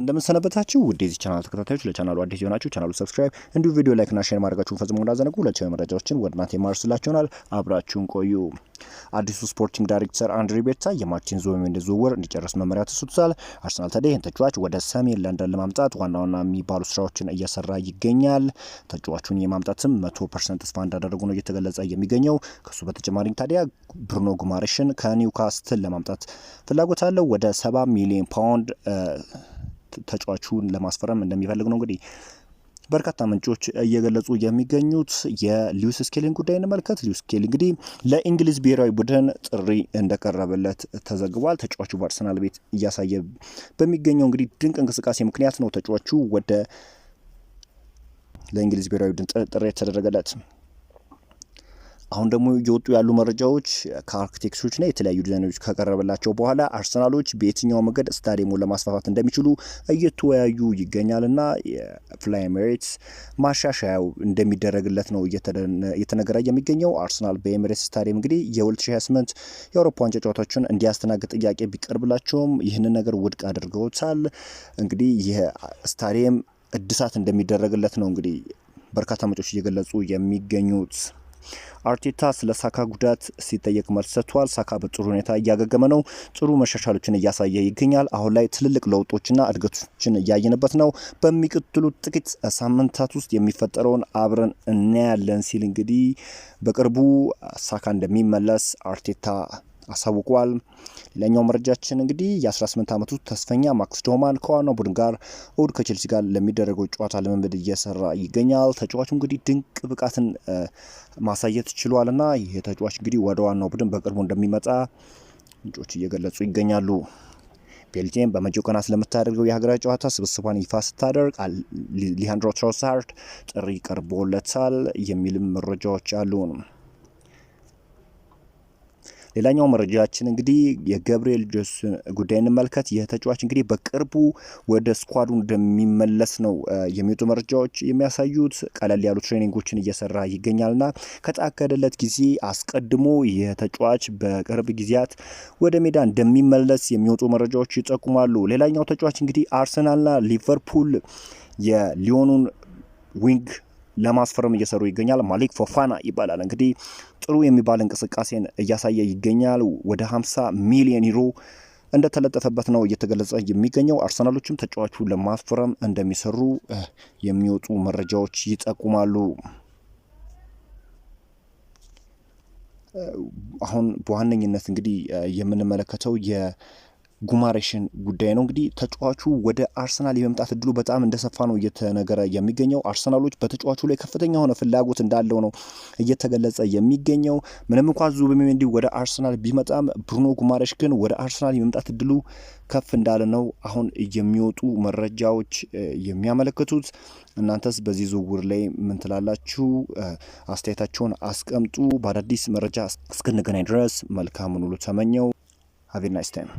እንደምንሰነበታችሁ ውድ የዚህ ቻናል ተከታታዮች፣ ለቻናሉ አዲስ የሆናችሁ ቻናሉ ሰብስክራይብ፣ እንዲሁም ቪዲዮ ላይክ ና ሼር ማድረጋችሁን ፈጽሞ እንዳዘነጉ። ሁለቸው መረጃዎችን ወደ እናንተ የማርስላችሁናል። አብራችሁን ቆዩ። አዲሱ ስፖርቲንግ ዳይሬክተር አንድሪ ቤርታ የማርቲን ዙቢሜንዲ ዝውውር እንዲጨርስ መመሪያ ተሰጥቷል። አርሰናል ታዲያ ይህን ተጫዋች ወደ ሰሜን ለንደን ለማምጣት ዋና ዋና የሚባሉ ስራዎችን እየሰራ ይገኛል። ተጫዋቹን የማምጣትም መቶ ፐርሰንት ተስፋ እንዳደረጉ ነው እየተገለጸ የሚገኘው። ከሱ በተጨማሪ ታዲያ ብሩኖ ጉማሬሽን ከኒውካስትል ለማምጣት ፍላጎት አለው። ወደ ሰባ ሚሊዮን ፓውንድ ተጫዋቹን ለማስፈረም እንደሚፈልግ ነው እንግዲህ በርካታ ምንጮች እየገለጹ የሚገኙት የሊዩስ ስኬሊን ጉዳይ እንመልከት። ሊዩስ ስኬሊ እንግዲህ ለእንግሊዝ ብሔራዊ ቡድን ጥሪ እንደቀረበለት ተዘግቧል። ተጫዋቹ በአርሰናል ቤት እያሳየ በሚገኘው እንግዲህ ድንቅ እንቅስቃሴ ምክንያት ነው ተጫዋቹ ወደ ለእንግሊዝ ብሔራዊ ቡድን ጥሪ የተደረገለት። አሁን ደግሞ እየወጡ ያሉ መረጃዎች ከአርክቴክቶችና የተለያዩ ዲዛይነሮች ከቀረበላቸው በኋላ አርሰናሎች በየትኛው መንገድ ስታዲየሙን ለማስፋፋት እንደሚችሉ እየተወያዩ ይገኛልና የፍላይ ኤሜሬትስ ማሻሻያው እንደሚደረግለት ነው እየተነገረ የሚገኘው። አርሰናል በኤሜሬትስ ስታዲየም እንግዲህ የ2028 የአውሮፓ ዋንጫ ጨዋታዎችን እንዲያስተናግድ ጥያቄ ቢቀርብላቸውም ይህንን ነገር ውድቅ አድርገውታል። እንግዲህ ይህ ስታዲየም እድሳት እንደሚደረግለት ነው እንግዲህ በርካታ ምንጮች እየገለጹ የሚገኙት። አርቴታ ስለ ሳካ ጉዳት ሲጠየቅ መልስ ሰጥቷል። ሳካ በጥሩ ሁኔታ እያገገመ ነው። ጥሩ መሻሻሎችን እያሳየ ይገኛል። አሁን ላይ ትልልቅ ለውጦችና እድገቶችን እያየንበት ነው። በሚቀጥሉት ጥቂት ሳምንታት ውስጥ የሚፈጠረውን አብረን እናያለን ሲል እንግዲህ በቅርቡ ሳካ እንደሚመለስ አርቴታ አሳውቋል ሌላኛው መረጃችን እንግዲህ የ18 ዓመቱ ተስፈኛ ማክስ ዶማን ከዋናው ቡድን ጋር እሁድ ከቼልሲ ጋር ለሚደረገው ጨዋታ ልምምድ እየሰራ ይገኛል። ተጫዋቹ እንግዲህ ድንቅ ብቃትን ማሳየት ችሏል እና ይህ ተጫዋች እንግዲህ ወደ ዋናው ቡድን በቅርቡ እንደሚመጣ ምንጮች እየገለጹ ይገኛሉ። ቤልጅየም በመጪው ቀናት ስለምታደርገው የሀገራዊ ጨዋታ ስብስቧን ይፋ ስታደርግ ሊሃንድሮ ትሮሳርድ ጥሪ ቀርቦለታል የሚልም መረጃዎች አሉ። ሌላኛው መረጃችን እንግዲህ የገብርኤል ጆስ ጉዳይ እንመልከት። ይህ ተጫዋች እንግዲህ በቅርቡ ወደ ስኳዱ እንደሚመለስ ነው የሚወጡ መረጃዎች የሚያሳዩት። ቀለል ያሉ ትሬኒንጎችን እየሰራ ይገኛልና ከታቀደለት ጊዜ አስቀድሞ ይህ ተጫዋች በቅርብ ጊዜያት ወደ ሜዳ እንደሚመለስ የሚወጡ መረጃዎች ይጠቁማሉ። ሌላኛው ተጫዋች እንግዲህ አርሰናልና ሊቨርፑል የሊዮኑን ዊንግ ለማስፈረም እየሰሩ ይገኛል። ማሊክ ፎፋና ይባላል እንግዲህ ጥሩ የሚባል እንቅስቃሴን እያሳየ ይገኛል። ወደ 50 ሚሊዮን ዩሮ እንደተለጠፈበት ነው እየተገለጸ የሚገኘው። አርሰናሎችም ተጫዋቹ ለማስፈረም እንደሚሰሩ የሚወጡ መረጃዎች ይጠቁማሉ። አሁን በዋነኝነት እንግዲህ የምንመለከተው የ ጉማሬሽን ጉዳይ ነው። እንግዲህ ተጫዋቹ ወደ አርሰናል የመምጣት እድሉ በጣም እንደሰፋ ነው እየተነገረ የሚገኘው። አርሰናሎች በተጫዋቹ ላይ ከፍተኛ የሆነ ፍላጎት እንዳለው ነው እየተገለጸ የሚገኘው። ምንም እንኳ ዙቢሜንዲ ወደ አርሰናል ቢመጣም ብሩኖ ጉማሬሽ ግን ወደ አርሰናል የመምጣት እድሉ ከፍ እንዳለ ነው አሁን የሚወጡ መረጃዎች የሚያመለክቱት። እናንተስ በዚህ ዝውውር ላይ ምን ትላላችሁ? አስተያየታችሁን አስቀምጡ። በአዳዲስ መረጃ እስክንገናኝ ድረስ መልካሙን ሁሉ ተመኘው። ሀቪ ናይስ ታይም